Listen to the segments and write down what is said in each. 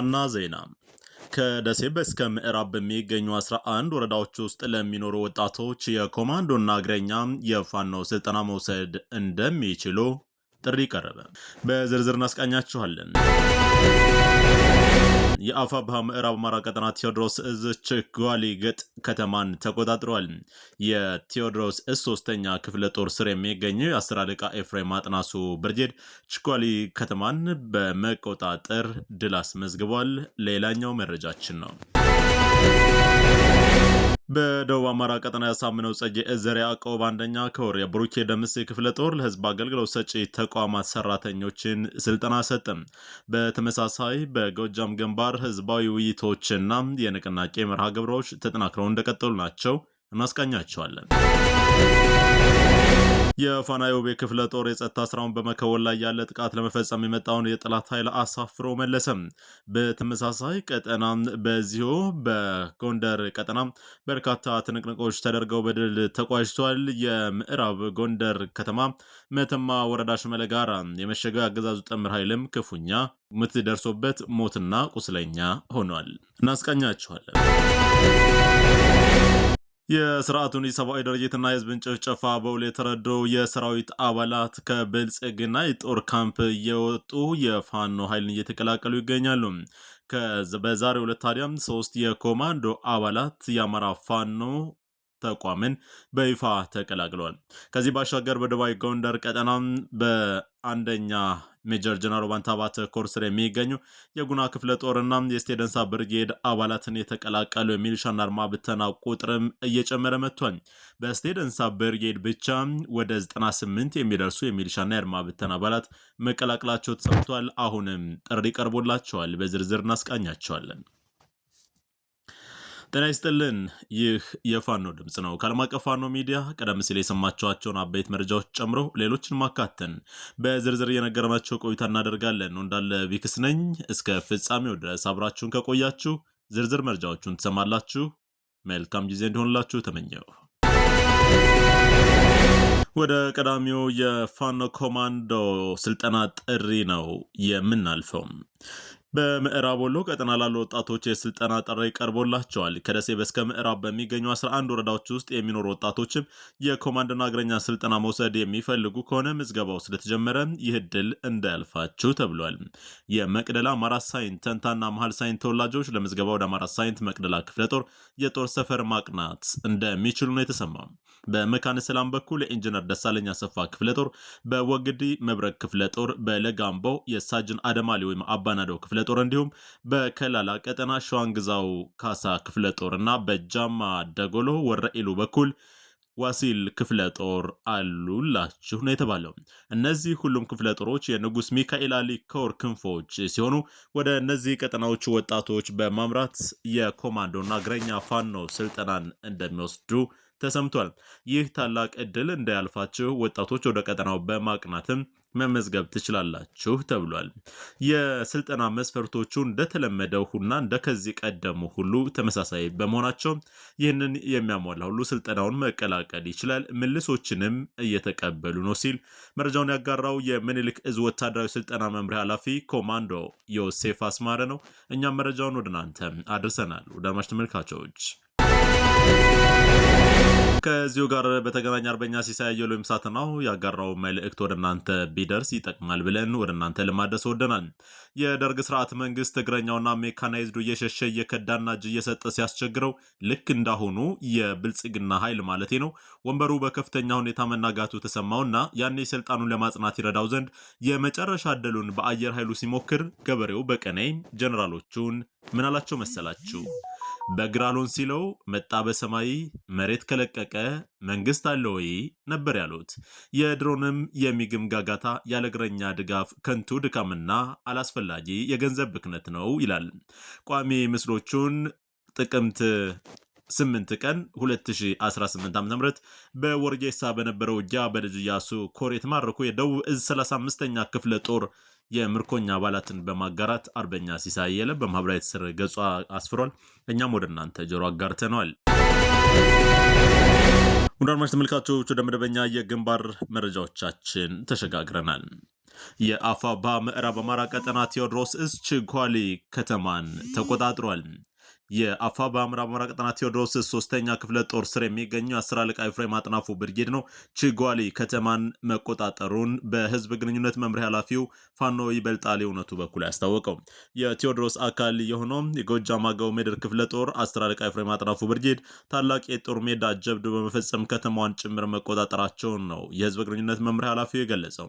ዋና ዜና ከደሴ እስከ ምዕራብ በሚገኙ 11 ወረዳዎች ውስጥ ለሚኖሩ ወጣቶች የኮማንዶና እግረኛ የፋኖ ስልጠና መውሰድ እንደሚችሉ ጥሪ ቀረበ። በዝርዝር እናስቃኛችኋለን። የአፋ ብሃ ምዕራብ አማራ ቀጠና ቴዎድሮስ እዝ ችጓሊ ግጥ ከተማን ተቆጣጥሯል። የቴዎድሮስ እዝ ሶስተኛ ክፍለ ጦር ስር የሚገኘው የአስር አለቃ ኤፍሬም አጥናሱ ብርጌድ ችጓሊ ከተማን በመቆጣጠር ድል አስመዝግቧል። ሌላኛው መረጃችን ነው። በደቡብ አማራ ቀጠና ያሳምነው ጸጌ እዘር ያዕቆብ አንደኛ ከወር የብሩኬ ደምሴ ክፍለ ጦር ለህዝብ አገልግሎት ሰጪ ተቋማት ሰራተኞችን ስልጠና ሰጥም። በተመሳሳይ በጎጃም ግንባር ህዝባዊ ውይይቶችና የንቅናቄ መርሃ ግብሮች ተጠናክረው እንደቀጠሉ ናቸው። እናስቃኛቸዋለን። የፋና ዮቤ ክፍለ ጦር የጸጥታ ስራውን በመከወል ላይ ያለ ጥቃት ለመፈጸም የመጣውን የጠላት ኃይል አሳፍሮ መለሰም። በተመሳሳይ ቀጠና በዚሁ በጎንደር ቀጠና በርካታ ትንቅንቆች ተደርገው በድል ተቋጭቷል። የምዕራብ ጎንደር ከተማ መተማ ወረዳ ሽመለ ጋራ የመሸገ አገዛዙ ጥምር ኃይልም ክፉኛ ምት ደርሶበት ሞትና ቁስለኛ ሆኗል። እናስቃኛችኋለን። የስርዓቱን የሰብአዊ ድርጅትና የህዝብን ጭፍጨፋ በውል የተረዱ የሰራዊት አባላት ከብልጽግና የጦር ካምፕ እየወጡ የፋኖ ኃይልን እየተቀላቀሉ ይገኛሉ። በዛሬው ዕለት ታዲያም ሶስት የኮማንዶ አባላት የአማራ ፋኖ ተቋምን በይፋ ተቀላቅለዋል። ከዚህ ባሻገር በደቡባዊ ጎንደር ቀጠና በአንደኛ ሜጀር ጀነራል ባንታባት ኮር ስር የሚገኙ የጉና ክፍለ ጦርና የስቴደንሳ ብርጌድ አባላትን የተቀላቀሉ የሚሊሻና አድማ ብተና ቁጥርም እየጨመረ መጥቷል። በስቴደንሳ ብርጌድ ብቻ ወደ 98 የሚደርሱ የሚሊሻና የአድማ ብተና አባላት መቀላቀላቸው ተሰምቷል። አሁንም ጥሪ ቀርቦላቸዋል። በዝርዝር እናስቃኛቸዋለን። ጤና ይስጥልን። ይህ የፋኖ ድምፅ ነው። ከዓለም አቀፍ ፋኖ ሚዲያ ቀደም ሲል የሰማችኋቸውን አበይት መረጃዎች ጨምሮ ሌሎችን ማካተን በዝርዝር እየነገርናቸው ቆይታ እናደርጋለን። ነው እንዳለ ቢክስ ነኝ። እስከ ፍጻሜው ድረስ አብራችሁን ከቆያችሁ ዝርዝር መረጃዎቹን ትሰማላችሁ። መልካም ጊዜ እንዲሆንላችሁ ተመኘው። ወደ ቀዳሚው የፋኖ ኮማንዶ ስልጠና ጥሪ ነው የምናልፈው። በምዕራብ ወሎ ቀጠና ላሉ ወጣቶች የስልጠና ጥሪ ቀርቦላቸዋል። ከደሴ በስከ ምዕራብ በሚገኙ 11 ወረዳዎች ውስጥ የሚኖሩ ወጣቶችም የኮማንዶና እግረኛ ስልጠና መውሰድ የሚፈልጉ ከሆነ ምዝገባው ስለተጀመረ ይህ ድል እንዳያልፋችሁ ተብሏል። የመቅደላ አማራ ሳይንት ተንታና መሀል ሳይንት ተወላጆች ለምዝገባ ወደ አማራ ሳይንት መቅደላ ክፍለ ጦር የጦር ሰፈር ማቅናት እንደሚችሉ ነው የተሰማ። በመካነ ሰላም በኩል የኢንጂነር ደሳለኛ ሰፋ ክፍለ ጦር፣ በወግዲ መብረቅ ክፍለ ጦር፣ በለጋምቦ የሳጅን አደማሊ ወይም አባናደው ክፍለ ክፍለ ጦር እንዲሁም በከላላ ቀጠና ሸዋንግዛው ካሳ ክፍለ ጦር እና በጃማ ደጎሎ ወረኢሉ በኩል ዋሲል ክፍለ ጦር አሉላችሁ ነው የተባለው። እነዚህ ሁሉም ክፍለ ጦሮች የንጉስ ሚካኤል አሊ ኮር ክንፎች ሲሆኑ ወደ እነዚህ ቀጠናዎቹ ወጣቶች በማምራት የኮማንዶና እግረኛ ፋኖ ስልጠናን እንደሚወስዱ ተሰምቷል። ይህ ታላቅ እድል እንዳያልፋችሁ ወጣቶች ወደ ቀጠናው በማቅናትም መመዝገብ ትችላላችሁ ተብሏል። የስልጠና መስፈርቶቹ እንደተለመደው ሁና እንደከዚህ ቀደሙ ሁሉ ተመሳሳይ በመሆናቸው ይህንን የሚያሟላ ሁሉ ስልጠናውን መቀላቀል ይችላል፣ ምልሶችንም እየተቀበሉ ነው ሲል መረጃውን ያጋራው የምኒልክ እዝ ወታደራዊ ስልጠና መምሪያ ኃላፊ ኮማንዶ ዮሴፍ አስማረ ነው። እኛም መረጃውን ወደ እናንተ አድርሰናል። ወደ አድማጭ ተመልካቾች ከዚሁ ጋር በተገናኘ አርበኛ ሲሳይ አየለ ይምሳት ነው ያጋራው መልእክት ወደ እናንተ ቢደርስ ይጠቅማል ብለን ወደ እናንተ ልማደስ ወደናል። የደርግ ስርዓት መንግስት እግረኛውና ሜካናይዝዱ እየሸሸ እየከዳና እጅ እየሰጠ ሲያስቸግረው ልክ እንዳሁኑ የብልጽግና ኃይል ማለት ነው ወንበሩ በከፍተኛ ሁኔታ መናጋቱ ተሰማውና ያኔ ስልጣኑን ለማጽናት ይረዳው ዘንድ የመጨረሻ እድሉን በአየር ኃይሉ ሲሞክር ገበሬው በቀነይ ጀኔራሎቹን ምን አላቸው መሰላችሁ? በግራሎን ሲለው መጣ በሰማይ መሬት ከለቀቀ መንግስት አለ ወይ ነበር ያሉት። የድሮንም የሚግም ጋጋታ ያለ እግረኛ ድጋፍ ከንቱ ድካምና አላስፈላጊ የገንዘብ ብክነት ነው ይላል ቋሚ ምስሎቹን ጥቅምት 8 ቀን 2018 ዓ ም በወርጌሳ በነበረው ውጊያ በልጅ ኢያሱ ኮር የተማረኩ የደቡብ እዝ 35ኛ ክፍለ ጦር የምርኮኛ አባላትን በማጋራት አርበኛ ሲሳይ የለ በማህበራዊ ትስስር ገጿ አስፍሯል። እኛም ወደ እናንተ ጆሮ አጋርተነዋል። ውድ አድማጭ ተመልካቾች ወደ መደበኛ የግንባር መረጃዎቻችን ተሸጋግረናል። የአፋባ ምዕራብ አማራ ቀጠና ቴዎድሮስ እዝ ችኳሊ ከተማን ተቆጣጥሯል። የአፋ በምዕራብ አማራ ቀጠና ቴዎድሮስ ሶስተኛ ክፍለ ጦር ስር የሚገኘው አስር አለቃ ኤፍሬም አጥናፉ ብርጌድ ነው ችጓሊ ከተማን መቆጣጠሩን በህዝብ ግንኙነት መምሪያ ኃላፊው ፋኖ ይበልጣል እውነቱ በኩል ያስታወቀው። የቴዎድሮስ አካል የሆነው የጎጃም አገው ሜድር ክፍለ ጦር አስር አለቃ ኤፍሬም አጥናፉ ብርጌድ ታላቅ የጦር ሜዳ ጀብዱ በመፈጸም ከተማዋን ጭምር መቆጣጠራቸውን ነው የህዝብ ግንኙነት መምሪያ ኃላፊው የገለጸው።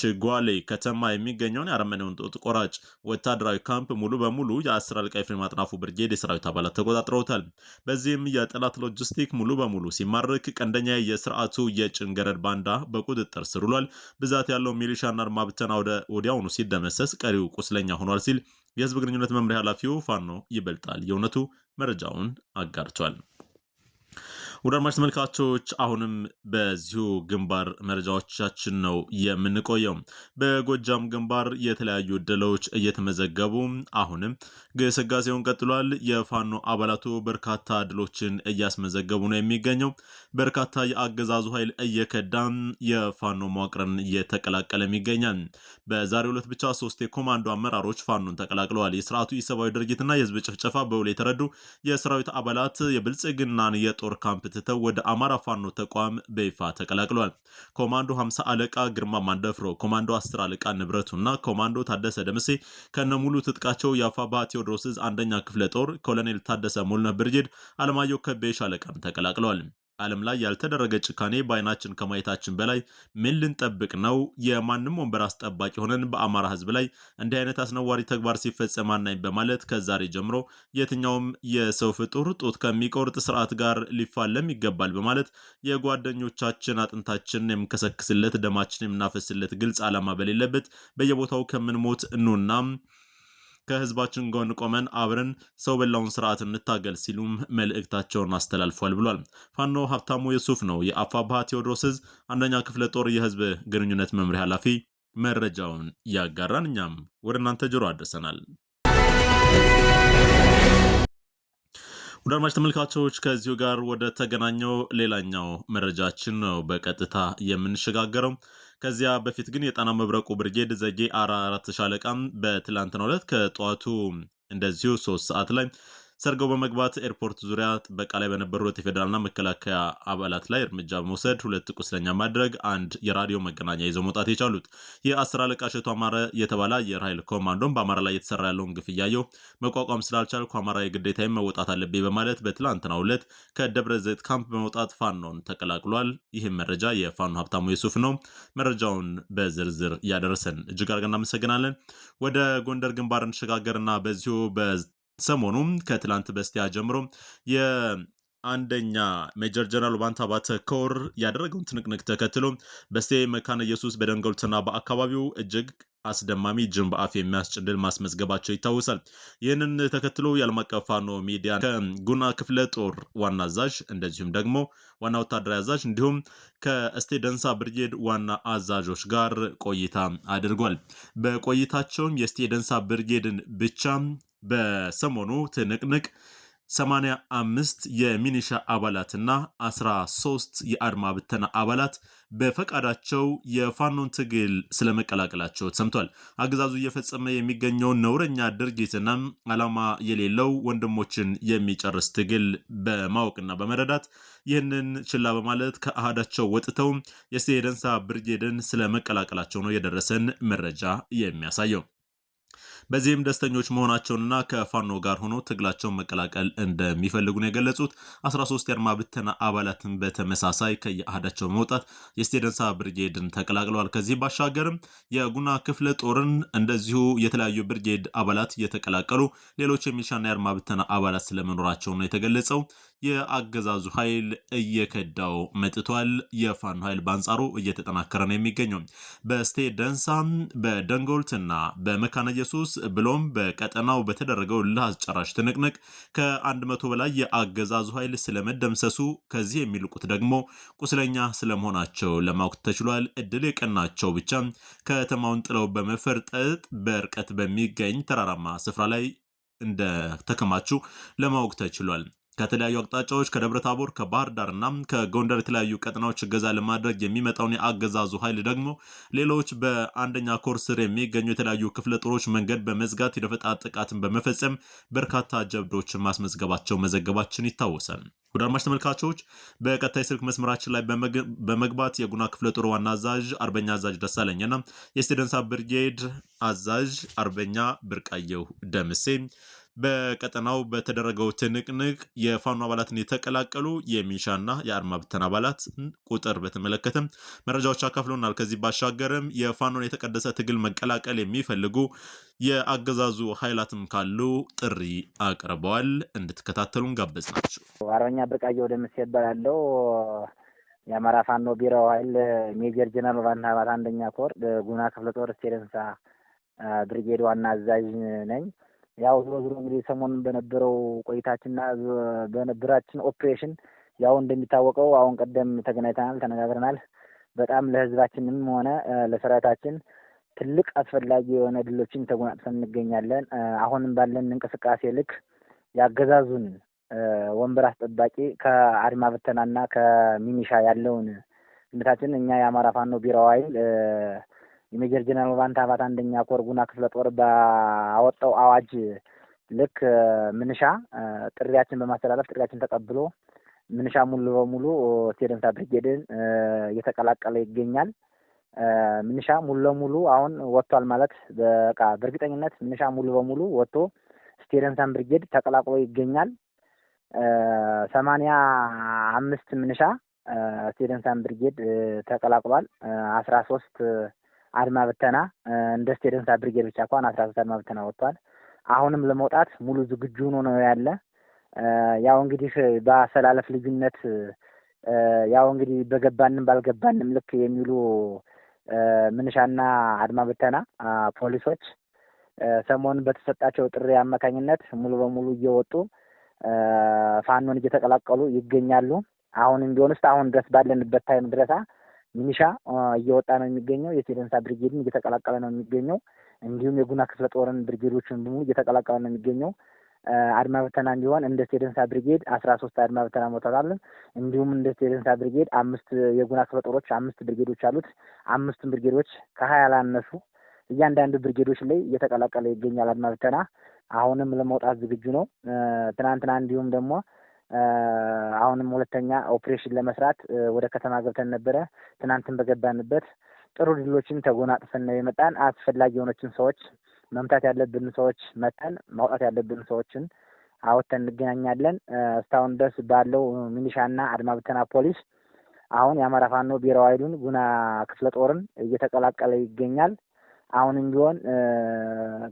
ችጓሌ ከተማ የሚገኘውን የአረመኔውን ጡት ቆራጭ ወታደራዊ ካምፕ ሙሉ በሙሉ የአስር አለቃ ፍሬ ማጥናፉ ብርጌድ የሰራዊት አባላት ተቆጣጥረውታል። በዚህም የጠላት ሎጂስቲክ ሙሉ በሙሉ ሲማርክ፣ ቀንደኛ የስርዓቱ የጭንገረድ ባንዳ በቁጥጥር ስር ውሏል። ብዛት ያለው ሚሊሻና አድማ ብተና ወዲያውኑ ሲደመሰስ፣ ቀሪው ቁስለኛ ሆኗል ሲል የህዝብ ግንኙነት መምሪያ ኃላፊው ፋኖ ይበልጣል የእውነቱ መረጃውን አጋርቷል። ውድ አድማጭ ተመልካቾች አሁንም በዚሁ ግንባር መረጃዎቻችን ነው የምንቆየው። በጎጃም ግንባር የተለያዩ ድሎች እየተመዘገቡ አሁንም ግስጋሴውን ቀጥሏል። የፋኖ አባላቱ በርካታ ድሎችን እያስመዘገቡ ነው የሚገኘው። በርካታ የአገዛዙ ኃይል እየከዳም የፋኖ መዋቅርን እየተቀላቀለም ይገኛል። በዛሬው ዕለት ብቻ ሶስት የኮማንዶ አመራሮች ፋኖን ተቀላቅለዋል። የስርዓቱ ኢሰብአዊ ድርጊትና የህዝብ ጭፍጨፋ በውል የተረዱ የሰራዊት አባላት የብልጽግናን የጦር ካምፕ ትተው ወደ አማራ ፋኖ ተቋም በይፋ ተቀላቅሏል። ኮማንዶ 50 አለቃ ግርማ ማንደፍሮ፣ ኮማንዶ 10 አለቃ ንብረቱ እና ኮማንዶ ታደሰ ደምሴ ከነሙሉ ትጥቃቸው የአፋ ባ ቴዎድሮስዝ አንደኛ ክፍለ ጦር ኮሎኔል ታደሰ ሙልነ ብርጅድ አለማየሁ ከቤ ሻለቃን ተቀላቅለዋል። ዓለም ላይ ያልተደረገ ጭካኔ በአይናችን ከማየታችን በላይ ምን ልንጠብቅ ነው? የማንም ወንበር አስጠባቂ ሆነን በአማራ ሕዝብ ላይ እንዲህ አይነት አስነዋሪ ተግባር ሲፈጸም አናይም በማለት ከዛሬ ጀምሮ የትኛውም የሰው ፍጡር ጡት ከሚቆርጥ ስርዓት ጋር ሊፋለም ይገባል በማለት የጓደኞቻችን አጥንታችን የምንከሰክስለት ደማችን የምናፈስለት ግልጽ ዓላማ በሌለበት በየቦታው ከምንሞት እኑና ከህዝባችን ጎን ቆመን አብረን ሰው በላውን ስርዓት እንታገል ሲሉም መልእክታቸውን አስተላልፏል ብሏል። ፋኖ ሀብታሙ የሱፍ ነው የአፋብሃ ቴዎድሮስ ዕዝ አንደኛ ክፍለ ጦር የህዝብ ግንኙነት መምሪያ ኃላፊ መረጃውን ያጋራን። እኛም ወደ እናንተ ጆሮ አድርሰናል። ወደ አድማጭ ተመልካቾች ከዚሁ ጋር ወደ ተገናኘው ሌላኛው መረጃችን ነው በቀጥታ የምንሸጋገረው። ከዚያ በፊት ግን የጣና መብረቁ ብርጌድ ዘጌ አራ አራት ሻለቃ በትላንትና ዕለት ከጠዋቱ እንደዚሁ ሶስት ሰዓት ላይ ሰርገው በመግባት ኤርፖርት ዙሪያ ጥበቃ ላይ በነበሩት የፌዴራልና መከላከያ አባላት ላይ እርምጃ በመውሰድ ሁለት ቁስለኛ ማድረግ፣ አንድ የራዲዮ መገናኛ ይዘው መውጣት የቻሉት የአስር አለቃ እሸቱ አማረ የተባለ አየር ኃይል ኮማንዶን በአማራ ላይ የተሰራ ያለውን ግፍ እያየው መቋቋም ስላልቻልኩ አማራ የግዴታዬን መወጣት አለብኝ በማለት በትላንትናው ዕለት ከደብረ ዘይት ካምፕ በመውጣት ፋኖን ተቀላቅሏል። ይህም መረጃ የፋኖ ሀብታሙ የሱፍ ነው። መረጃውን በዝርዝር እያደረሰን እጅግ አድርገን እናመሰግናለን። ወደ ጎንደር ግንባር እንሸጋገርና በዚሁ ሰሞኑም ከትላንት በስቲያ ጀምሮ አንደኛ ሜጀር ጀነራል ባንታ ባተ ኮር ያደረገውን ትንቅንቅ ተከትሎ በስቴ መካነ ኢየሱስ በደንገሉትና በአካባቢው እጅግ አስደማሚ ጅን በአፍ የሚያስጭድል ማስመዝገባቸው ይታወሳል። ይህንን ተከትሎ የዓለም አቀፍ ፋኖ ሚዲያ ከጉና ክፍለ ጦር ዋና አዛዥ እንደዚሁም ደግሞ ዋና ወታደራዊ አዛዥ እንዲሁም ከእስቴ ደንሳ ብርጌድ ዋና አዛዦች ጋር ቆይታ አድርጓል። በቆይታቸውም የእስቴ ደንሳ ብርጌድን ብቻ በሰሞኑ ትንቅንቅ 85 የሚኒሻ አባላትና 13 የአድማ ብተና አባላት በፈቃዳቸው የፋኖን ትግል ስለመቀላቀላቸው ተሰምቷል። አገዛዙ እየፈጸመ የሚገኘውን ነውረኛ ድርጊትና ዓላማ የሌለው ወንድሞችን የሚጨርስ ትግል በማወቅና በመረዳት ይህንን ችላ በማለት ከአህዳቸው ወጥተው የስቴደንሳ ብርጌድን ስለመቀላቀላቸው ነው የደረሰን መረጃ የሚያሳየው። በዚህም ደስተኞች መሆናቸውንና ከፋኖ ጋር ሆኖ ትግላቸውን መቀላቀል እንደሚፈልጉ ነው የገለጹት። 13 የአድማ ብተና አባላትን በተመሳሳይ ከየአህዳቸው መውጣት የስቴደንሳ ብርጌድን ተቀላቅለዋል። ከዚህ ባሻገርም የጉና ክፍለ ጦርን እንደዚሁ የተለያዩ ብርጌድ አባላት እየተቀላቀሉ ሌሎች የሚሊሻና የአድማ ብተና አባላት ስለመኖራቸው ነው የተገለጸው። የአገዛዙ ኃይል እየከዳው መጥቷል። የፋኖ ኃይል በአንጻሩ እየተጠናከረ ነው የሚገኘው። በስቴ በደንጎልት በደንጎልትና በመካነ ኢየሱስ ብሎም በቀጠናው በተደረገው ለአስጨራሽ ትንቅንቅ ከ100 በላይ የአገዛዙ ኃይል ስለመደምሰሱ ከዚህ የሚልቁት ደግሞ ቁስለኛ ስለመሆናቸው ለማወቅ ተችሏል። እድል የቀናቸው ብቻ ከተማውን ጥለው በመፈርጠጥ በርቀት በሚገኝ ተራራማ ስፍራ ላይ እንደተከማቹ ለማወቅ ተችሏል። ከተለያዩ አቅጣጫዎች ከደብረ ታቦር ከባህር ዳርና ከጎንደር የተለያዩ ቀጠናዎች እገዛ ለማድረግ የሚመጣውን የአገዛዙ ኃይል ደግሞ ሌሎች በአንደኛ ኮር ስር የሚገኙ የተለያዩ ክፍለ ጦሮች መንገድ በመዝጋት የደፈጣ ጥቃትን በመፈጸም በርካታ ጀብዶችን ማስመዝገባቸው መዘገባችን ይታወሳል። ወደ አድማጭ ተመልካቾች በቀጣይ ስልክ መስመራችን ላይ በመግባት የጉና ክፍለ ጦር ዋና አዛዥ አርበኛ አዛዥ ደሳለኝና የስቴደንሳ ብርጌድ አዛዥ አርበኛ ብርቃየው ደምሴ በቀጠናው በተደረገው ትንቅንቅ የፋኖ አባላትን የተቀላቀሉ የሚኒሻና የአድማ ብተን አባላት ቁጥር በተመለከተም መረጃዎች አካፍሎናል። ከዚህ ባሻገርም የፋኖን የተቀደሰ ትግል መቀላቀል የሚፈልጉ የአገዛዙ ኃይላትም ካሉ ጥሪ አቅርበዋል። እንድትከታተሉን ጋበዝ ናቸው። አርበኛ ብርቃየ ወደ ምስ ይባላለው የአማራ ፋኖ ቢሮ ኃይል ሜጀር ጀነራል ባንታ አባት አንደኛ ኮር ጉና ክፍለ ጦር ስቴደንሳ ብሪጌድ ዋና አዛዥ ነኝ። ያው ዝሮ ዝሮ እንግዲህ ሰሞኑን በነበረው ቆይታችንና በነበራችን ኦፕሬሽን ያው እንደሚታወቀው አሁን ቀደም ተገናኝተናል፣ ተነጋግረናል። በጣም ለህዝባችንም ሆነ ለሰራዊታችን ትልቅ አስፈላጊ የሆነ ድሎችን ተጎናጽፈን እንገኛለን። አሁንም ባለን እንቅስቃሴ ልክ ያገዛዙን ወንበር አስጠባቂ ከአድማ ብተናና ከሚኒሻ ያለውን እምነታችን እኛ የአማራ ፋኖ ብሔራዊ የሜጀር ጀነራል ቫንታ አባት አንደኛ ኮር ጉና ክፍለ ጦር ባወጣው አዋጅ ልክ ምንሻ ጥሪያችን በማስተላለፍ ጥሪያችን ተቀብሎ ምንሻ ሙሉ በሙሉ ስቴደምታ ብርጌድን እየተቀላቀለ ይገኛል። ምንሻ ሙሉ ለሙሉ አሁን ወጥቷል ማለት በቃ በእርግጠኝነት ምንሻ ሙሉ በሙሉ ወጥቶ ስቴደምታን ብርጌድ ተቀላቅሎ ይገኛል። ሰማንያ አምስት ምንሻ ስቴደምታን ብርጌድ ተቀላቅሏል። አስራ ሶስት አድማ ብተና እንደ ስቴደንስ አድርጌ ብቻ እንኳን አስራ ሶስት አድማ ብተና ወጥቷል። አሁንም ለመውጣት ሙሉ ዝግጁ ሆኖ ነው ያለ። ያው እንግዲህ በአሰላለፍ ልዩነት ያው እንግዲህ በገባንም ባልገባንም ልክ የሚሉ ምንሻና አድማ ብተና ፖሊሶች ሰሞኑን በተሰጣቸው ጥሪ አማካኝነት ሙሉ በሙሉ እየወጡ ፋኖን እየተቀላቀሉ ይገኛሉ። አሁንም ቢሆን ውስጥ አሁን ድረስ ባለንበት ታይም ድረሳ ሚኒሻ እየወጣ ነው የሚገኘው። የቴደንሳ ብርጌድን እየተቀላቀለ ነው የሚገኘው። እንዲሁም የጉና ክፍለ ጦርን ብርጌዶችን በሙሉ እየተቀላቀለ ነው የሚገኘው። አድማ ብተና ቢሆን እንደ ቴደንሳ ብርጌድ አስራ ሶስት አድማ በተና ሞተር እንዲሁም እንደ ቴደንሳ ብርጌድ አምስት የጉና ክፍለ ጦሮች አምስት ብርጌዶች አሉት። አምስቱን ብርጌዶች ከሀያ ላነሱ እያንዳንዱ ብርጌዶች ላይ እየተቀላቀለ ይገኛል። አድማ ብተና አሁንም ለመውጣት ዝግጁ ነው። ትናንትና እንዲሁም ደግሞ አሁንም ሁለተኛ ኦፕሬሽን ለመስራት ወደ ከተማ ገብተን ነበረ። ትናንትን በገባንበት ጥሩ ድሎችን ተጎናጥፈን ነው የመጣን። አስፈላጊ የሆነችን ሰዎች መምታት ያለብን ሰዎች መተን ማውጣት ያለብን ሰዎችን አወተን እንገናኛለን። እስካሁን ድረስ ባለው ሚኒሻና አድማ ብተና ፖሊስ አሁን የአማራ ፋኖ ብሔራዊ ኃይሉን ጉና ክፍለ ጦርን እየተቀላቀለ ይገኛል። አሁንም ቢሆን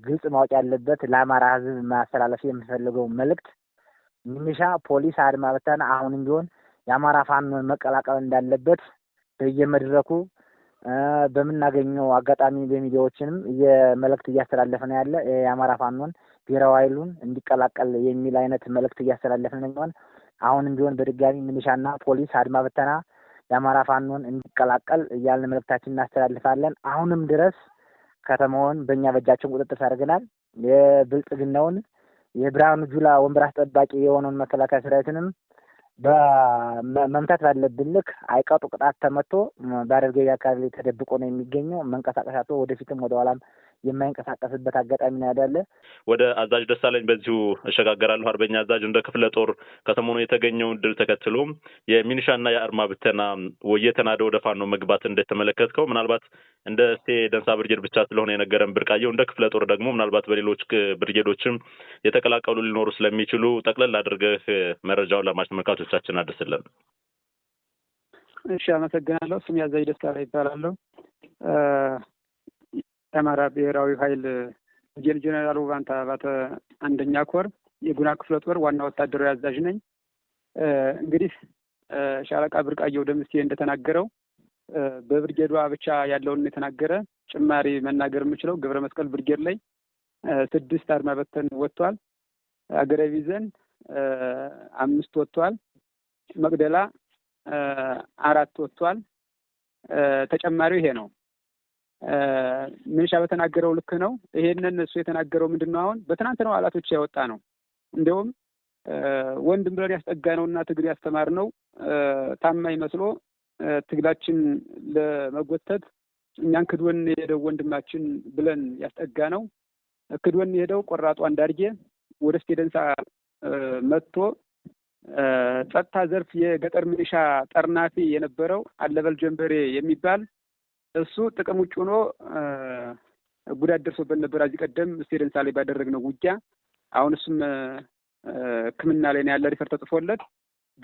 ግልጽ ማወቅ ያለበት ለአማራ ሕዝብ ማስተላለፍ የምፈልገው መልእክት ሚሊሻ፣ ፖሊስ አድማ በታን አሁንም ቢሆን የአማራ ፋኖን መቀላቀል እንዳለበት በየመድረኩ በምናገኘው አጋጣሚ በሚዲያዎችንም የመልእክት እያስተላለፈ ነው ያለ የአማራ ፋኖን ብሔራዊ ኃይሉን እንዲቀላቀል የሚል አይነት መልእክት እያስተላለፈ ነው አሁንም ቢሆን በድጋሚ ሚሊሻና ፖሊስ አድማ በተና የአማራ ፋኖን እንዲቀላቀል እያልን መልእክታችን እናስተላልፋለን። አሁንም ድረስ ከተማውን በእኛ በእጃችን ቁጥጥር አድርገናል። የብልጽግናውን የብርሃኑ ጁላ ወንበር አስጠባቂ የሆነውን መከላከያ ሰራዊትንም በመምታት ባለብን ልክ አይቀጡ ቅጣት ተመቶ በአደርገ አካባቢ ተደብቆ ነው የሚገኘው። መንቀሳቀሳቶ ወደፊትም ወደኋላም የማይንቀሳቀስበት አጋጣሚ ነው ያዳለ። ወደ አዛዥ ደሳለኝ በዚሁ እሸጋገራለሁ። አርበኛ አዛዥ እንደ ክፍለ ጦር ከሰሞኑ የተገኘውን ድል ተከትሎ የሚኒሻና የአርማ ብተና እየተናደ ወደ ፋኖ መግባት እንደተመለከትከው ምናልባት እንደ ስቴ ደንሳ ብርጌድ ብቻ ስለሆነ የነገረን ብርቃየው፣ እንደ ክፍለ ጦር ደግሞ ምናልባት በሌሎች ብርጌዶችም የተቀላቀሉ ሊኖሩ ስለሚችሉ ጠቅለል አድርገህ መረጃውን ለማስመልካቾቻችን አድርስልን። እሺ፣ አመሰግናለሁ። ስም ያዛዥ ደስታ ላይ ይባላለሁ። የአማራ ብሔራዊ ኃይል ሜጀር ጄኔራል ውባንታ ባተ አንደኛ ኮር የጉና ክፍለ ጦር ዋና ወታደራዊ አዛዥ ነኝ። እንግዲህ ሻለቃ ብርቃየው ደምስቴ እንደተናገረው በብርጌዷ ብቻ ያለውን የተናገረ ጭማሪ መናገር የምችለው ገብረ መስቀል ብርጌድ ላይ ስድስት አድማ በተን ወጥቷል። አገረ ቢዘን አምስት ወጥቷል። መቅደላ አራት ወጥቷል። ተጨማሪው ይሄ ነው። ምንሻ በተናገረው ልክ ነው። ይሄንን እሱ የተናገረው ምንድን ነው? አሁን ነው አላቶች ያወጣ ነው። እንዲሁም ወንድም ብለን ያስጠጋ ነው እና ትግል ያስተማር ነው ታማኝ መስሎ ትግላችን ለመጎተት እኛን ክድወን የሄደው ወንድማችን ብለን ያስጠጋ ነው። ክድወን የሄደው ቆራጡ አንዳርጌ ወደ ስቴደንሳ መጥቶ ጸጥታ ዘርፍ የገጠር ምንሻ ጠርናፊ የነበረው አለበል ጀንበሬ የሚባል እሱ ጥቅም ውጭ ሆኖ ጉዳት ደርሶበት ነበር። አዚህ ቀደም ስቴደንሳ ላይ ባደረግነው ውጊያ አሁን እሱም ሕክምና ላይ ያለ ሪፈር ተጽፎለት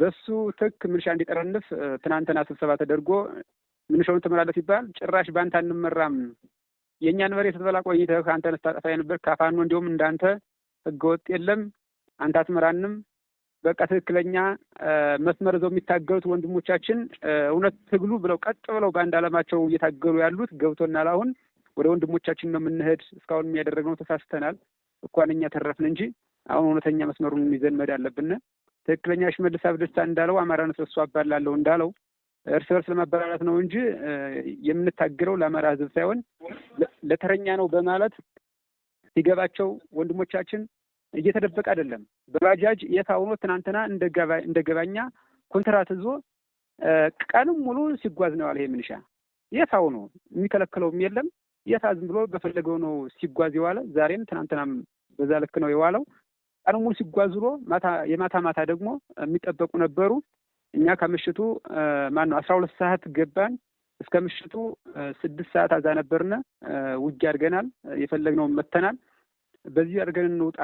በሱ ትክ ምንሻ እንዲጠረንፍ ትናንትና ስብሰባ ተደርጎ ምንሻውን ትመራለህ ይባል ጭራሽ በአንተ አንመራም፣ የእኛን መሬት ስትበላ ቆይተህ ከአንተ ነስታጠፋ ነበር ካፋኖ እንዲሁም እንዳንተ ህገወጥ የለም አንተ አትመራንም በቃ ትክክለኛ መስመር ይዘው የሚታገሉት ወንድሞቻችን እውነት ትግሉ ብለው ቀጥ ብለው በአንድ ዓላማቸው እየታገሉ ያሉት ገብቶናል። አሁን ወደ ወንድሞቻችን ነው የምንሄድ። እስካሁን ያደረግነው ተሳስተናል፣ እንኳን እኛ ተረፍን እንጂ አሁን እውነተኛ መስመሩን ይዘን አለብን። ትክክለኛ ሽመልስ አብዲሳ እንዳለው አማራነት በሱ አባላለሁ እንዳለው እርስ በርስ ለማበላላት ነው እንጂ የምንታገለው ለአማራ ህዝብ ሳይሆን ለተረኛ ነው በማለት ሲገባቸው ወንድሞቻችን እየተደበቀ አይደለም። በባጃጅ የታውሮ ትናንትና እንደ ገባኛ ኮንትራት ይዞ ቀንም ሙሉ ሲጓዝ ነው ያለ ይሄ ምንሻ የታው ነው የሚከለክለውም የለም። የታ ዝም ብሎ በፈለገው ነው ሲጓዝ የዋለ ዛሬም ትናንትናም በዛ ልክ ነው የዋለው። ቀንም ሙሉ ሲጓዝ ብሎ የማታ ማታ ደግሞ የሚጠበቁ ነበሩ። እኛ ከምሽቱ ማነው አስራ ሁለት ሰዓት ገባን እስከ ምሽቱ ስድስት ሰዓት አዛ ነበርነ። ውጊያ አድርገናል። የፈለግነውን መተናል። በዚህ አድርገን እንውጣ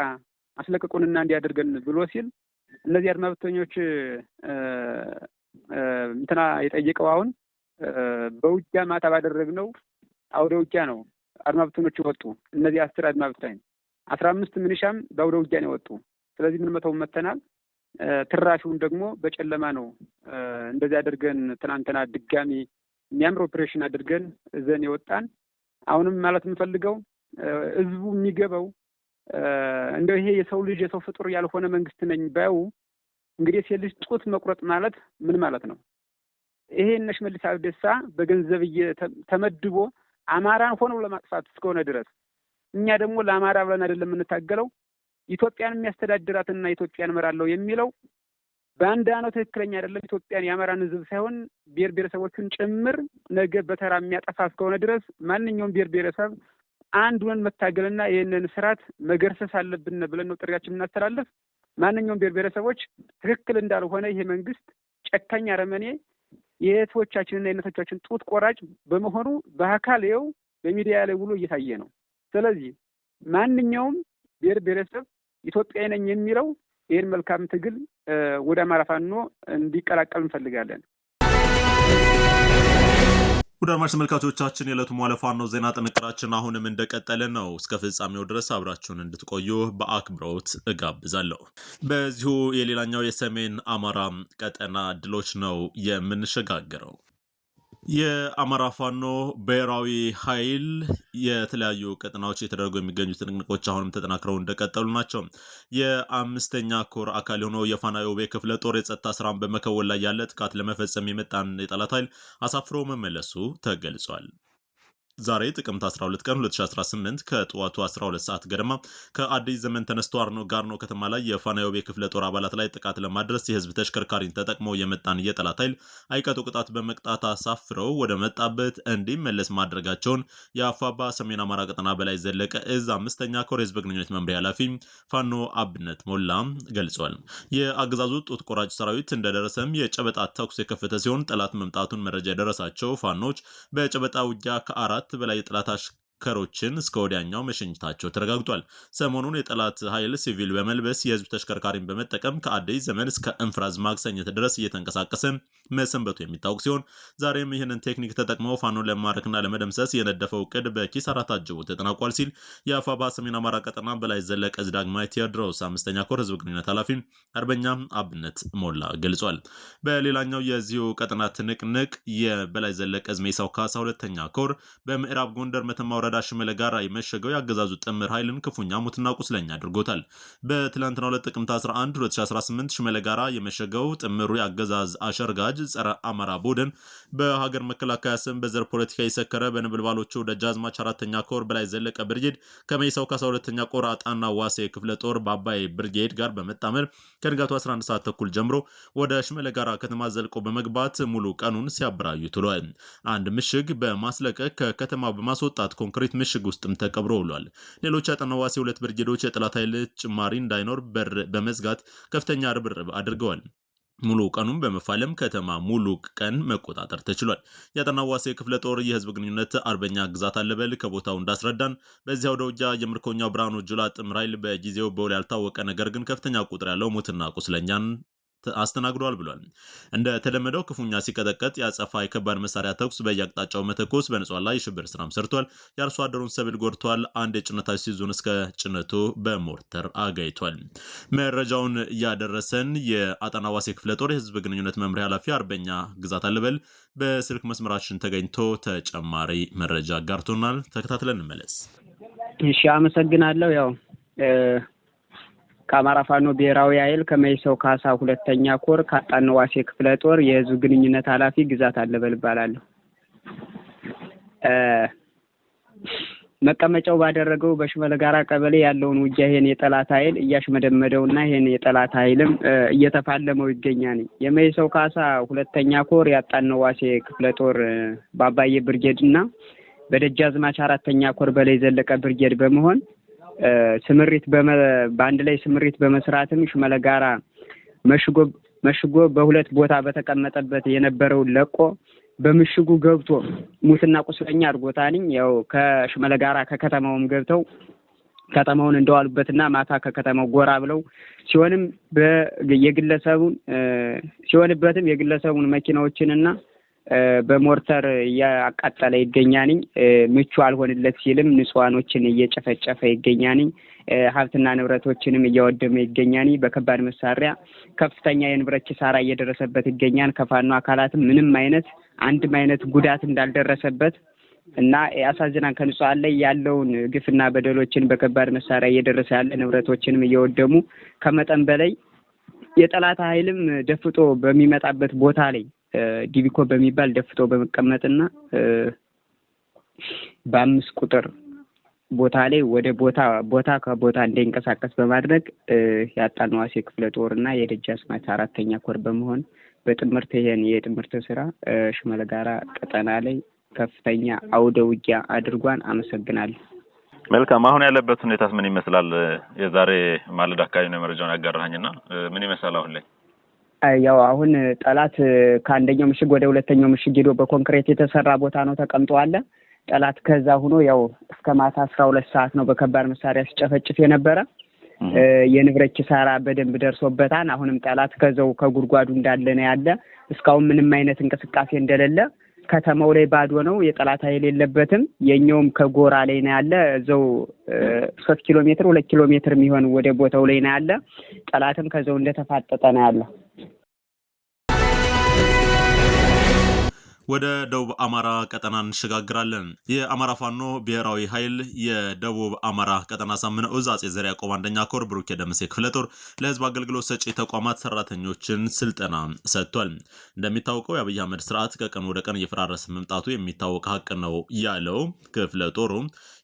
አስለቅቁንና እንዲያደርገን ብሎ ሲል እነዚህ አድማ ብተኞች እንትና የጠየቀው አሁን በውጊያ ማታ ባደረግነው አውደ ውጊያ ነው። አድማ ብተኞች ወጡ። እነዚህ አስር አድማ ብታኝ አስራ አምስት ምንሻም በአውደ ውጊያ ነው የወጡ። ስለዚህ ምን መተው መተናል። ትራሹን ደግሞ በጨለማ ነው እንደዚህ አድርገን ትናንትና ድጋሚ የሚያምር ኦፕሬሽን አድርገን እዘን የወጣን። አሁንም ማለት የምፈልገው ህዝቡ የሚገባው እንደው ይሄ የሰው ልጅ የሰው ፍጡር ያልሆነ መንግስት ነኝ ባዩ እንግዲህ ልጅ ጡት መቁረጥ ማለት ምን ማለት ነው? ይሄ እነ ሽመልስ አብዲሳ በገንዘብ ተመድቦ አማራን ሆነው ለማጥፋት እስከሆነ ድረስ እኛ ደግሞ ለአማራ ብለን አይደለም የምንታገለው። ኢትዮጵያን የሚያስተዳድራትና ኢትዮጵያን እመራለሁ የሚለው ባንዳ ነው፣ ትክክለኛ አይደለም። ኢትዮጵያን የአማራን ሕዝብ ሳይሆን ብሔር ብሔረሰቦችን ጭምር ነገ በተራ የሚያጠፋ እስከሆነ ድረስ ማንኛውም ብሔር ብሔረሰብ አንድ ሆነን መታገልና ይህንን ስርዓት መገርሰስ አለብን ብለን ነው ጥሪያችን የምናስተላለፍ። ማንኛውም ብሔር ብሔረሰቦች ትክክል እንዳልሆነ ይሄ መንግስት ጨካኝ አረመኔ የህዝቦቻችንና የእናቶቻችን ጡት ቆራጭ በመሆኑ በአካል ይኸው በሚዲያ ላይ ውሎ እየታየ ነው። ስለዚህ ማንኛውም ብሔር ብሔረሰብ ኢትዮጵያዊ ነኝ የሚለው ይህን መልካም ትግል ወደ አማራ ፋኖ እንዲቀላቀል እንፈልጋለን። ውድ አድማጭ ተመልካቾቻችን የዕለቱ ማለ ዜና ጥንቅራችን አሁንም እንደቀጠለ ነው። እስከ ፍጻሜው ድረስ አብራችሁን እንድትቆዩ በአክብሮት እጋብዛለሁ። በዚሁ የሌላኛው የሰሜን አማራ ቀጠና ድሎች ነው የምንሸጋገረው። የአማራ ፋኖ ብሔራዊ ኃይል የተለያዩ ቀጠናዎች የተደረጉ የሚገኙ ትንቅንቆች አሁንም ተጠናክረው እንደቀጠሉ ናቸው። የአምስተኛ ኮር አካል የሆነው የፋና ውቤ ክፍለ ጦር የጸጥታ ስራን በመከወል ላይ ያለ ጥቃት ለመፈጸም የመጣን የጠላት ኃይል አሳፍሮ መመለሱ ተገልጿል። ዛሬ ጥቅምት 12 ቀን 2018 ከጠዋቱ 12 ሰዓት ገደማ ከአዲስ ዘመን ተነስቶ አርኖ ጋርኖ ከተማ ላይ የፋናዮቤ ክፍለ ጦር አባላት ላይ ጥቃት ለማድረስ የህዝብ ተሽከርካሪን ተጠቅሞ የመጣን የጠላት ኃይል አይቀጡ ቅጣት በመቅጣት አሳፍረው ወደ መጣበት እንዲመለስ ማድረጋቸውን የአፋባ ሰሜን አማራ ቀጠና በላይ ዘለቀ እዝ አምስተኛ ኮር የህዝብ ግንኙነት መምሪያ ኃላፊ ፋኖ አብነት ሞላ ገልጿል። የአገዛዙ ጡት ቆራጭ ሰራዊት እንደደረሰም የጨበጣ ተኩስ የከፈተ ሲሆን ጠላት መምጣቱን መረጃ የደረሳቸው ፋኖች በጨበጣ ውጊያ ከአራት ከአራት በላይ የጠላት ከሮችን እስከ ወዲያኛው መሸኝታቸው ተረጋግጧል። ሰሞኑን የጠላት ኃይል ሲቪል በመልበስ የህዝብ ተሽከርካሪን በመጠቀም ከአዲስ ዘመን እስከ እንፍራዝ ማክሰኘት ድረስ እየተንቀሳቀሰ መሰንበቱ የሚታወቅ ሲሆን ዛሬም ይህንን ቴክኒክ ተጠቅመው ፋኖን ለማድረክና ለመደምሰስ የነደፈው እቅድ በኪሳራ ታጅቦ ተጠናቋል ሲል የአፋባ ሰሜን አማራ ቀጠና በላይ ዘለቀ ዕዝ ዳግማዊ ቴዎድሮስ አምስተኛ ኮር ህዝብ ግንኙነት ኃላፊ አርበኛ አብነት ሞላ ገልጿል። በሌላኛው የዚሁ ቀጠና ትንቅንቅ የበላይ ዘለቀ ዕዝ ሜሳው ካሳ ሁለተኛ ኮር በምዕራብ ጎንደር መተማ ወረዳ ሽመለ ጋራ የመሸገው የአገዛዙ ጥምር ኃይልን ክፉኛ ሙትና ቁስለኛ አድርጎታል። በትላንትና ሁለት ጥቅምት 11 2018 ሽመለ ጋራ የመሸገው ጥምሩ የአገዛዝ አሸርጋጅ ጸረ አማራ ቡድን በሀገር መከላከያ ስም በዘር ፖለቲካ የሰከረ በንብልባሎቹ ደጃዝማች አራተኛ ኮር በላይ ዘለቀ ብርጌድ ከመይሳው ከ12ኛ ቆር አጣና ዋሴ ክፍለ ጦር በአባይ ብርጌድ ጋር በመጣመር ከንጋቱ 11 ሰዓት ተኩል ጀምሮ ወደ ሽመለ ጋራ ከተማ ዘልቆ በመግባት ሙሉ ቀኑን ሲያብራዩ ትሏል። አንድ ምሽግ በማስለቀቅ ከከተማ በማስወጣት ኮንክ ኮንክሪት ምሽግ ውስጥም ተቀብሮ ውሏል። ሌሎች አጠናዋሴ ሁለት ብርጌዶች የጠላት ኃይል ጭማሪ እንዳይኖር በር በመዝጋት ከፍተኛ ርብርብ አድርገዋል። ሙሉ ቀኑን በመፋለም ከተማ ሙሉ ቀን መቆጣጠር ተችሏል። ዋሴ ክፍለ ጦር የህዝብ ግንኙነት አርበኛ ግዛት አለበል ከቦታው እንዳስረዳን በዚያው ደውጃ የምርኮኛው ብርሃኑ ጁላ ጥምር ኃይል በጊዜው በውል ያልታወቀ ነገር ግን ከፍተኛ ቁጥር ያለው ሞትና ቁስለኛን አስተናግዷል ብሏል። እንደተለመደው ክፉኛ ሲቀጠቀጥ የአጸፋ የከባድ መሳሪያ ተኩስ በየአቅጣጫው መተኮስ በንጹሃን ላይ የሽብር ስራም ሰርቷል። የአርሶ አደሩን ሰብል ጎድቷል። አንድ የጭነት ሲዞን እስከ ጭነቱ በሞርተር አጋይቷል። መረጃውን ያደረሰን የአጠናዋሴ ክፍለ ጦር የህዝብ ግንኙነት መምሪያ ኃላፊ አርበኛ ግዛት አለበል በስልክ መስመራችን ተገኝቶ ተጨማሪ መረጃ አጋርቶናል። ተከታትለን እንመለስ። እሺ፣ አመሰግናለሁ ያው ከአማራ ፋኖ ብሔራዊ ኃይል ከመይሰው ካሳ ሁለተኛ ኮር ካጣን ዋሴ ክፍለ ጦር የህዝብ ግንኙነት ኃላፊ ግዛት አለበል እባላለሁ። መቀመጫው ባደረገው በሽመለ ጋራ ቀበሌ ያለውን ውጊያ ይሄን የጠላት ኃይል እያሽመደመደውና ይሄን የጠላት ኃይልም እየተፋለመው ይገኛል። የመይሰው ካሳ ሁለተኛ ኮር ያጣነው ዋሴ ክፍለ ጦር በአባዬ ብርጌድ እና በደጃዝማች አራተኛ ኮር በላይ ዘለቀ ብርጌድ በመሆን ስምሪት በአንድ ላይ ስምሪት በመስራትም ሽመለ ጋራ መሽጎ መሽጎ በሁለት ቦታ በተቀመጠበት የነበረውን ለቆ በምሽጉ ገብቶ ሙትና ቁስለኛ አድርጎታንኝ ያው ከሽመለ ጋራ ከከተማውም ገብተው ከተማውን እንደዋሉበትና ማታ ከከተማው ጎራ ብለው ሲሆንም የግለሰቡን ሲሆንበትም የግለሰቡን መኪናዎችንና በሞርተር እያቃጠለ ይገኛንኝ። ምቹ አልሆንለት ሲልም ንጹሐኖችን እየጨፈጨፈ ይገኛንኝ። ሀብትና ንብረቶችንም እያወደመ ይገኛል። በከባድ መሳሪያ ከፍተኛ የንብረት ኪሳራ እየደረሰበት ይገኛል። ከፋኖ አካላትም ምንም አይነት አንድም አይነት ጉዳት እንዳልደረሰበት እና ያሳዝናን ከንጹሐን ላይ ያለውን ግፍና በደሎችን በከባድ መሳሪያ እየደረሰ ያለ ንብረቶችንም እየወደሙ ከመጠን በላይ የጠላት ኃይልም ደፍጦ በሚመጣበት ቦታ ላይ ዲቢኮ በሚባል ደፍቶ በመቀመጥና በአምስት ቁጥር ቦታ ላይ ወደ ቦታ ቦታ ከቦታ እንዳይንቀሳቀስ በማድረግ የአጣናዋሴ ክፍለ ጦርና የደጃዝማች አራተኛ ኮር በመሆን በጥምርት ይሄን የጥምርት ስራ ሽመለ ጋራ ቀጠና ላይ ከፍተኛ አውደ ውጊያ አድርጓን። አመሰግናል። መልካም። አሁን ያለበት ሁኔታስ ምን ይመስላል? የዛሬ ማለድ አካባቢ ነው መረጃውን ያጋራኸኝና ምን ይመስላል አሁን ላይ? ያው አሁን ጠላት ከአንደኛው ምሽግ ወደ ሁለተኛው ምሽግ ሄዶ በኮንክሬት የተሰራ ቦታ ነው ተቀምጦ አለ። ጠላት ከዛ ሆኖ ያው እስከ ማታ አስራ ሁለት ሰዓት ነው በከባድ መሳሪያ ሲጨፈጭፍ የነበረ። የንብረት ኪሳራ በደንብ ደርሶበታል። አሁንም ጠላት ከዛው ከጉድጓዱ እንዳለ ነው ያለ። እስካሁን ምንም አይነት እንቅስቃሴ እንደሌለ ከተማው ላይ ባዶ ነው። የጠላት ኃይል የለበትም። የኛውም ከጎራ ላይ ነው ያለ እዘው ሶስት ኪሎ ሜትር ሁለት ኪሎ ሜትር የሚሆን ወደ ቦታው ላይ ነው ያለ። ጠላትም ከዛው እንደተፋጠጠ ነው ያለ። ወደ ደቡብ አማራ ቀጠና እንሸጋግራለን። የአማራ ፋኖ ብሔራዊ ኃይል የደቡብ አማራ ቀጠና ሳምነ እዝ አጼ ዘርዓ ያዕቆብ አንደኛ ኮር ብሩክ የደምሴ ክፍለ ጦር ለህዝብ አገልግሎት ሰጪ ተቋማት ሰራተኞችን ስልጠና ሰጥቷል። እንደሚታወቀው የአብይ አህመድ ስርዓት ከቀን ወደ ቀን እየፈራረሰ መምጣቱ የሚታወቅ ሀቅ ነው ያለው ክፍለ ጦሩ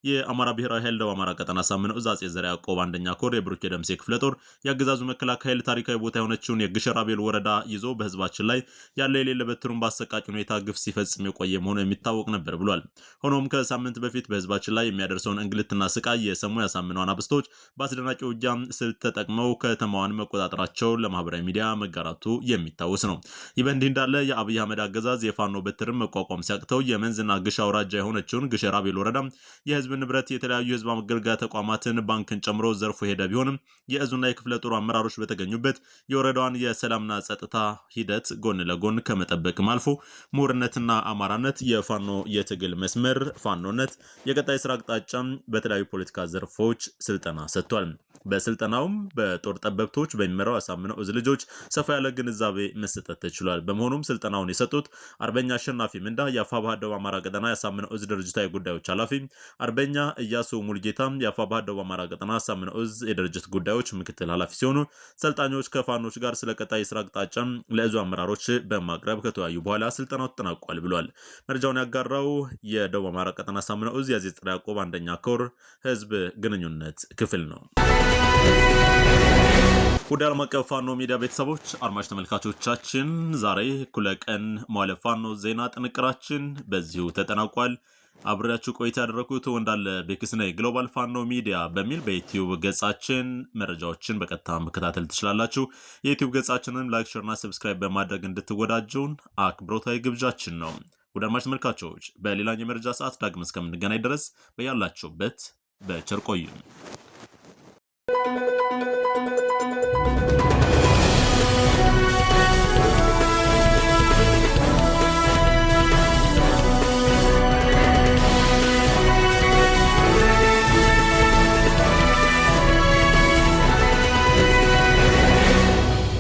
የአማራ ብሔራዊ ኃይል ደቡብ አማራ ቀጠና ሳምነው እዝ አጼ ዘርዓ ያዕቆብ አንደኛ ኮር የብሩኬ ደምሴ ክፍለ ጦር የአገዛዙ መከላከያ ኃይል ታሪካዊ ቦታ የሆነችውን የግሸራቤል ወረዳ ይዞ በህዝባችን ላይ ያለ የሌለ በትሩን በአሰቃቂ ሁኔታ ግፍ ሲፈጽም የቆየ መሆኑ የሚታወቅ ነበር ብሏል። ሆኖም ከሳምንት በፊት በህዝባችን ላይ የሚያደርሰውን እንግልትና ስቃይ የሰሙ ያሳምነው አናብስቶች በአስደናቂ ውጊያ ስልት ተጠቅመው ከተማዋን መቆጣጠራቸውን ለማህበራዊ ሚዲያ መጋራቱ የሚታወስ ነው። ይህ በእንዲህ እንዳለ የአብይ አህመድ አገዛዝ የፋኖ በትርን መቋቋም ሲያቅተው የመንዝና ግሽ አውራጃ የሆነችውን ግሸራቤል ወረዳ የህዝብ የህዝብ ንብረት፣ የተለያዩ የህዝብ መገልገያ ተቋማትን ባንክን ጨምሮ ዘርፎ ሄደ ቢሆንም የእዙና የክፍለ ጦሩ አመራሮች በተገኙበት የወረዳዋን የሰላምና ጸጥታ ሂደት ጎን ለጎን ከመጠበቅም አልፎ ምሁርነትና አማራነት የፋኖ የትግል መስመር ፋኖነት የቀጣይ ስራ አቅጣጫም በተለያዩ ፖለቲካ ዘርፎች ስልጠና ሰጥቷል። በስልጠናውም በጦር ጠበብቶች በሚመራው አሳምነው እዝ ልጆች ሰፋ ያለ ግንዛቤ መሰጠት ተችሏል። በመሆኑም ስልጠናውን የሰጡት አርበኛ አሸናፊ ምንዳ የአፋ ባህደብ አማራ ቀጠና ያሳምነው እዝ ድርጅታዊ ጉዳዮች ኃላፊ አርበኛ እያሱ ሙልጌታ የአፋባ ደቡብ አማራ ቀጠና ሳምን እዝ የድርጅት ጉዳዮች ምክትል ኃላፊ ሲሆኑ ሰልጣኞች ከፋኖች ጋር ስለ ቀጣይ የስራ አቅጣጫ ለእዙ አመራሮች በማቅረብ ከተወያዩ በኋላ ስልጠናው ተጠናቋል ብሏል። መረጃውን ያጋራው የደቡብ አማራ ቀጠና ሳምን እዝ የአፄ ጥራ ያዕቆብ አንደኛ ኮር ህዝብ ግንኙነት ክፍል ነው። ወደ ዓለም አቀፍ ፋኖ ሚዲያ ቤተሰቦች አድማጭ ተመልካቾቻችን ዛሬ እኩለ ቀን ፋኖ ዜና ጥንቅራችን በዚሁ ተጠናቋል። አብሬያችሁ ቆይታ ያደረኩት ወንዳለ ቤክስ ነኝ። ግሎባል ፋኖ ሚዲያ በሚል በዩትዩብ ገጻችን መረጃዎችን በቀጥታ መከታተል ትችላላችሁ። የዩትዩብ ገጻችንን ላይክ፣ ሸርና ሰብስክራይብ በማድረግ እንድትወዳጁን አክብሮታዊ ግብዣችን ነው። ውድ አድማጭ ተመልካቾች በሌላኛው የመረጃ ሰዓት ዳግም እስከምንገናኝ ድረስ በያላችሁበት በቸር ቆዩ።